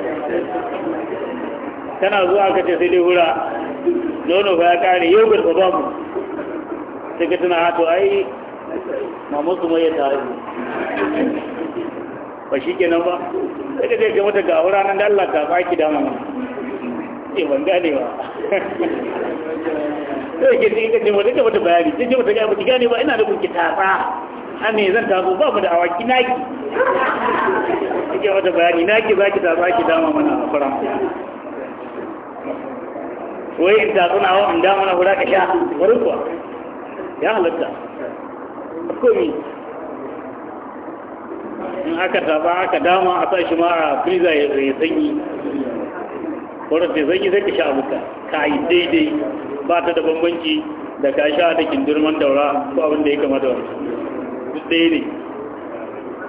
tana zuwa ka ce sai dai hura nono ba ya kare yau garba ba mu sai ka tana hato ai mamu su mai ya tare ba shi kenan ba sai ka ce ga mata ga hura nan da Allah ka baki dama ne eh, ban gane ba sai ke cikin kace wanda ka mata bayani kin ce mata ga ba ki gane ba ina da kun kitafa ane zan tabo ba mu da awaki naki kike mata bayani naki za ki da zaki dama mana a fara wai in ta tsuna wa in dama na hura ka sha wurin kuwa ya halatta komi in aka taba aka dama a sa shi ma a friza ya sanyi wurin da sanyi zai ka sha abuka ka yi daidai ba ta da bambanci da ka sha da kindirman daura ko abin da ya kama da wani duk ne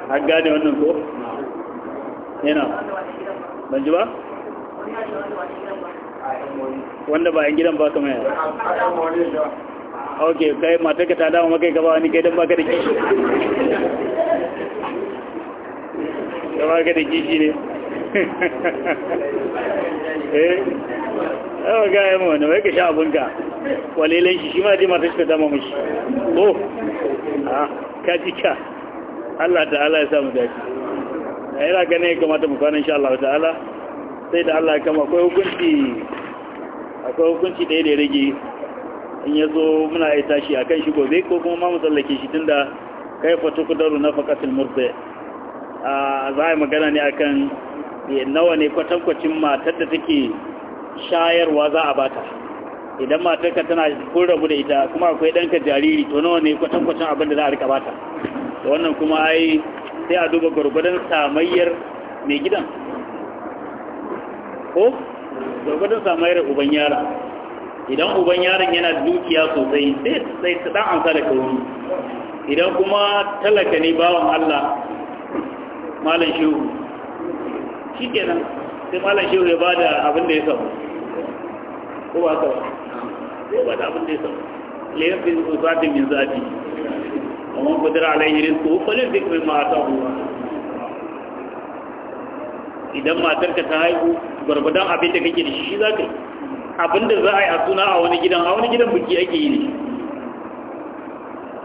a gane wannan ko yana ban ji ba wanda ba yan gidan ba kama ya ok kai matar ka ta dama makai gaba wani kai don baka da kishi gaba ka da kishi ne eh yawa ga yamma wani mai ka sha abinka walilan shi shi ma ji mata shi ta dama mashi ko a ah, kajika ka Allah ta'ala ya samu daji a yana gane ya kamata mu kwanan sha Allah ta'ala sai da Allah ya kama akwai hukunci akwai hukunci da ya rage in ya zo muna ya tashi a kan shi gobe ko kuma ma mu tsallake shi tunda kai fatu kudaru na fakatul murda a ah, za a yi magana ne akan eh, nawa ne kwatankwacin matar da take shayarwa za a bata idan matarka tana kun rabu da ita kuma akwai ɗanka jariri to nawa ne kwatankwacin abin da za a rika bata da wannan kuma ai sai a duba gwargwadon samayyar mai gidan ko gwargwadon samayyar uban yara idan uban yaran yana dukiya sosai sai ta ɗan amsa da kauri idan kuma talaka ne bawan allah malam shehu shi kenan sai malam shehu ya bada abin da ya samu ko ba ta ba sai bada abin da ya samu la fi usatin min zafi amma kudura alayhi rizqu duk mai mata huwa idan matar ka ta haihu gwargwadon abin da kake da shi za ka yi abin da za a yi a suna a wani gidan a wani gidan buki ake yi ne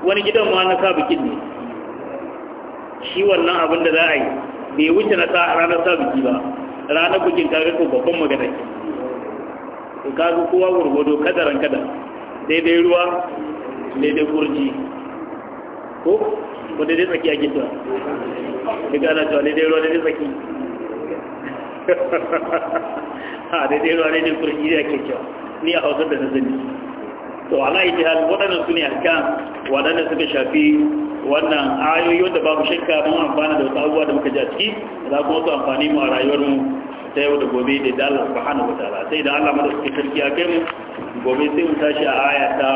wani gidan ma na sa bikin ne shi wannan abin da za a yi bai wuce na sa ranar sa buki ba ranar bukin kaga ko babban magana ke ko kaga kowa gurgudu kadaran kadar daidai ruwa daidai gurji ko ko daidai tsaki ake cewa daga ana cewa daidai ruwa daidai tsaki ha daidai ruwa daidai gurji da ake cewa ni a hausar da na zani to ala ijihar waɗannan su ne ahkam waɗanda suka shafi wannan ayoyi wanda babu shakka mun amfana da wasu abubuwa da muka ji a ciki za kuma su amfani mu a rayuwar mu ta yau da gobe da da Allah subhanahu wa ta'ala sai da Allah madaukakin sarki a kai mu gobe sai mu tashi a aya ta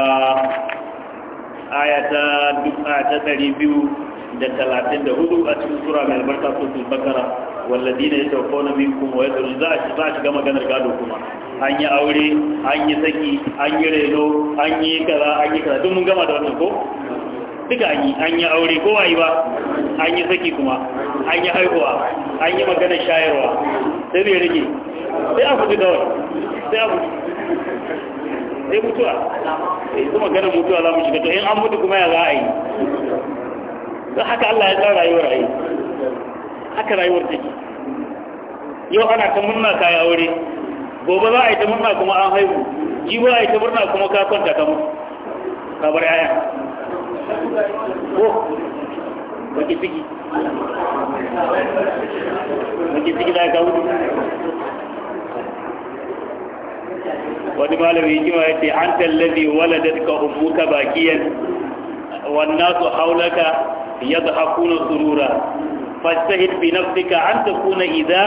aya ta duk aya ta 200 da talatin da hudu a cikin sura mai albarka sosul bakara wallazi ne ya tauko na min kuma wa yadda za a shiga maganar gado kuma an yi aure an yi saki an yi reno an yi kaza an yi kaza duk mun gama da wannan ko duka an yi an yi aure ko wayi ba an yi saki kuma an yi haihuwa an yi maganar shayarwa sai mai rike sai a fito kawai sai a fito sai mutuwa sai eh, kuma ganin mutuwa za mu shiga to in an mutu kuma ya za a yi don haka Allah ya tsara rayuwar rayu haka rayuwar take yau ana ta murna kaya aure gobe za a yi ta murna kuma an haihu jibo a yi ta murna kuma ka kwanta ka mutu ka bar yaya ko baki ciki baki ciki za ka wuce wani malami hikima ya ce an ka waladatka ummuka bakiyan wannan su haulaka يضحكون سرورا فاجتهد بنفسك أن تكون إذا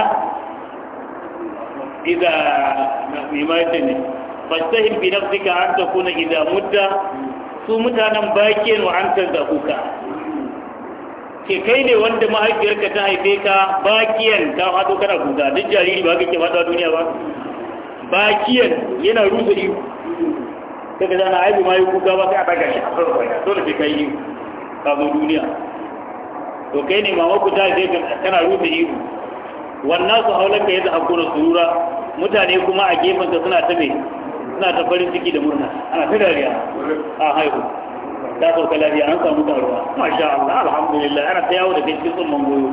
إذا ما يتني فاجتهد بنفسك أن تكون إذا مدة su mutanen bakin wa ke kai ne wanda mahaifiyarka ta haife ka bakiyan ta hado kana guda duk jariri ba kake fata duniya ba bakiyan yana rusa iyo kaga zana aibu ma yi kuka ba sai a daga shi dole ke kai iyo ka zo duniya to kai ne mama ku tashi kana rufe ihu wannan su haulan ka yadda hakuna surura mutane kuma a gefen ka suna ta suna ta farin ciki da murna ana ta dariya a haihu ta ka lafiya an samu karuwa masha Allah alhamdulillah ana ta yawo da kai cikin tsumman goyo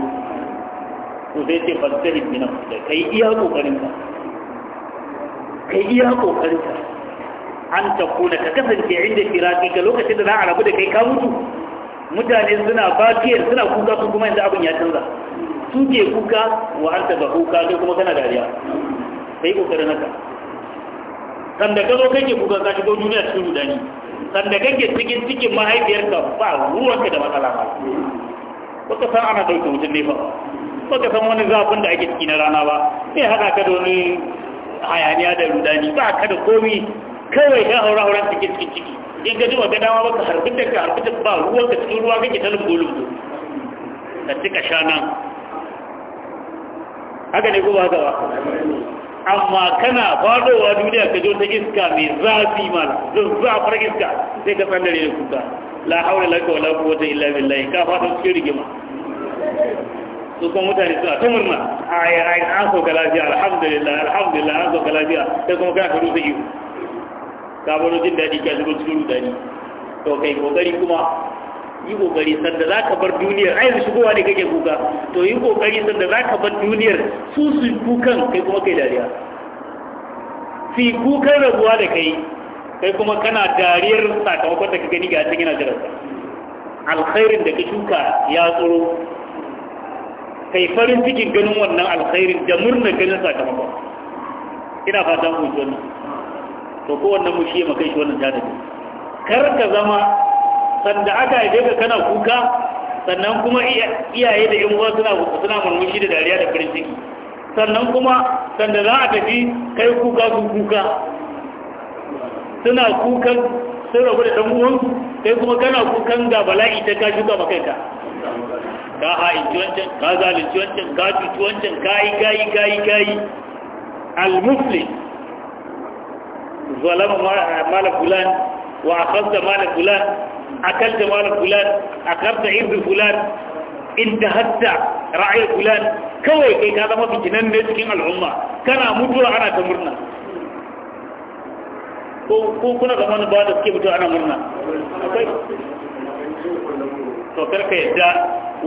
to sai ce fasari min nafsika kai iya kokarin ka kai iya kokarin ka an ta kuna ka kasance inda firaki ka lokacin da za a rabu da kai ka mutu mutane suna bakiyar suna kuka su kuma yanzu abin ya canza su ke kuka wa an taba kuka sai kuma kana dariya ka yi kokarin haka kan da ka zo kake kuka ka shigo duniya cikin rudani kan da kake cikin cikin mahaifiyarka ba ruwanka da matsala ba baka san ana ɗauke wutar nefa ba baka san wani zafin da ake ciki na rana ba sai haɗa ka da wani hayaniya da rudani ba ka da komi kawai ya haura hauran cikin cikin ciki in ka ji ba baka harbi da ka harbi da ba ruwan ka cikin ruwa kake ta lumbo lumbo ka cika sha nan haka ne ko ba haka ba amma kana fadowa duniya ka jo ta iska mai zafi mana fara iska sai ka tsandare da kuka la haula laka wala quwwata illa billahi ka fata cikin rigima su kuma mutane suna ta murna a yayin an ga lafiya alhamdulillah alhamdulillah an ga lafiya sai kuma kana ka rusa iyo ka jin daɗi ka zuba cikin rudani to kai kokari kuma yi kokari sanda za ka bar duniyar ai shigowa ne kake kuka to yi kokari sanda za ka bar duniyar su su kukan kai kuma kai dariya fi kukan rabuwa da kai kai kuma kana dariyar sakamakon da ka gani ga cikin yana alkhairin da ka shuka ya tsoro kai farin cikin ganin wannan alkhairin da murna ganin sakamakon ina fatan kuwa wannan to kowanne mu shi ya kai shi wannan jadabi kar ka zama sanda aka haife ka kana kuka sannan kuma iyaye da yan uwa suna suna murmushi da dariya da farin ciki sannan kuma sanda za a tafi kai kuka su kuka suna kukan sun rabu da dan uwansu kai kuma kana kukan ga bala'i ta ka shuka maka kanka ka ha'inci wancan ka zalunci wancan ka cuci wancan ka yi ka yi ka yi ka yi al-muflis zalama mala fulan wa akhadta mala fulan akalta mala fulan akarta irbi fulan intahatta ra'ayi fulan kawai kai ka zama fitinan ne cikin al'umma kana mutuwa ana ta ko kuna zama ba da suke mutuwa ana murna akwai to karka yadda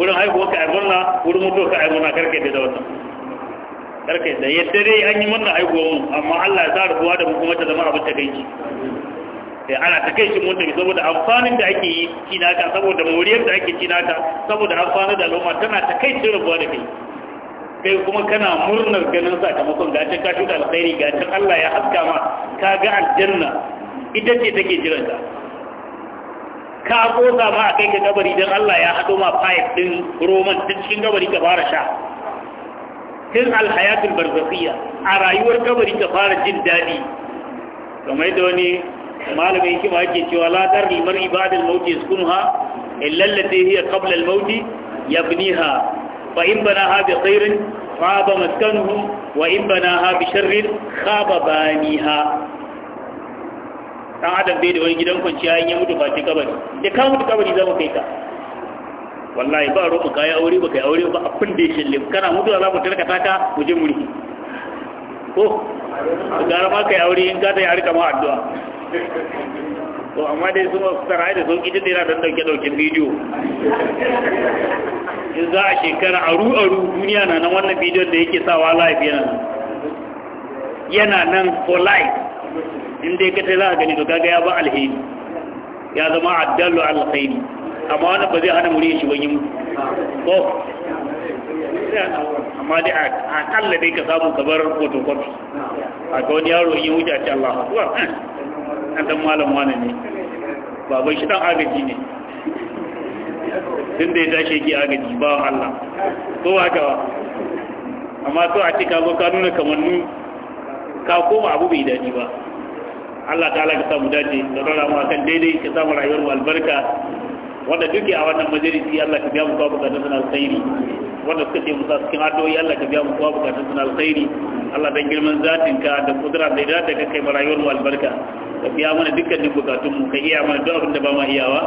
wurin haihuwa ka ai murna wurin mutuwa ka ai murna karka yadda da wannan karka da yadda dai an yi murna haihuwar mu amma Allah ya sa rubuwa da mu kuma ta zama abin takaici sai eh, ana takaicin mun tafi saboda amfanin da ake yi cinaka saboda moriyar da ake cinaka saboda amfanin da al'umma tana takaicin rubuwa da kai kai kuma kana murnar ganin sakamakon ga can ka shuka alkhairi ga can Allah ya haska ma ka ga aljanna ita ce take jiran ka ka kosa ma a kai ka gabari don Allah ya haɗo ma pipe ɗin roman ta cikin gabari ka fara sha tun alhayatul barzafiya a rayuwar kabari ta fara jin daɗi kamar da wani malamin hikima yake cewa latar limar ibadul mauti yaskunha ha allati hiya qabla al mauti ha fa in ha bi fa ba maskanu wa in ha bi sharrin ni baniha Ɗan adam bai da wani gidan kwanciya yin ya mutu ba ci kabari da ka mutu kabari zama kai ka wallahi ba roƙo kayi aure ba kai aure ba abin da ya shille kana mutuwa za mu tarka taka mu je muri ko gara ma kai aure in ka ta yi harka ma addu'a to amma dai sun wasu tara da sauƙi ta tsira don dauke daukin bidiyo in za a shekara aru aru duniya na nan wannan bidiyo da yake wa live yana nan yana nan for life in dai ka ta za a gani to kaga ya ba alheri ya zama addallu alkhairi amma wannan ba zai hana muri shi wani mu ko amma dai a kalla dai ka samu kabar photocopy a ga wani yaro yi wuce a ce Allah haɗuwa an dan malam wani ne Ba baban shi dan agaji ne tun da ya tashi yake agaji ba Allah ko ba haka ba amma to a ce ka zo ka nuna kamannu ka koma abu bai daɗi ba Allah ta halaka samu dace da rara kan daidai ka samu rayuwar albarka wanda duke a wannan majalisi Allah ka biya mu kwa bukatun suna alkhairi wanda suka ce musa cikin addu'o'i Allah ka biya mu kwa bukatun suna alkhairi Allah dan girman ka da kudura da idan da ka kai rayuwar mu albarka ka biya mana dukkanin bukatun mu ka iya mana duk abin da ba mu iyawa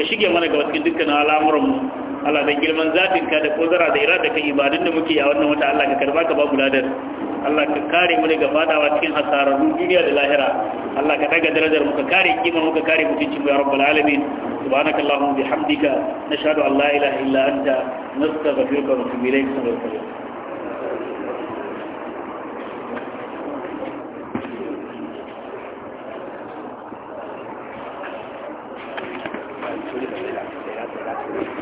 ka shige mana ga cikin dukkanin al'amuran mu Allah da girman zatin ka da kozara da irada kan ibadun da muke a wannan wata Allah ka karba ka ba mu ladar Allah ka kare mu daga fadawa cikin hasararru duniya da lahira Allah ka daga darajar mu ka kare kima mu ka kare mutunci mu ya rabbal alamin subhanakallahumma bihamdika nashhadu an la ilaha illa anta nastaghfiruka wa natubu ilayka sallallahu alaihi wasallam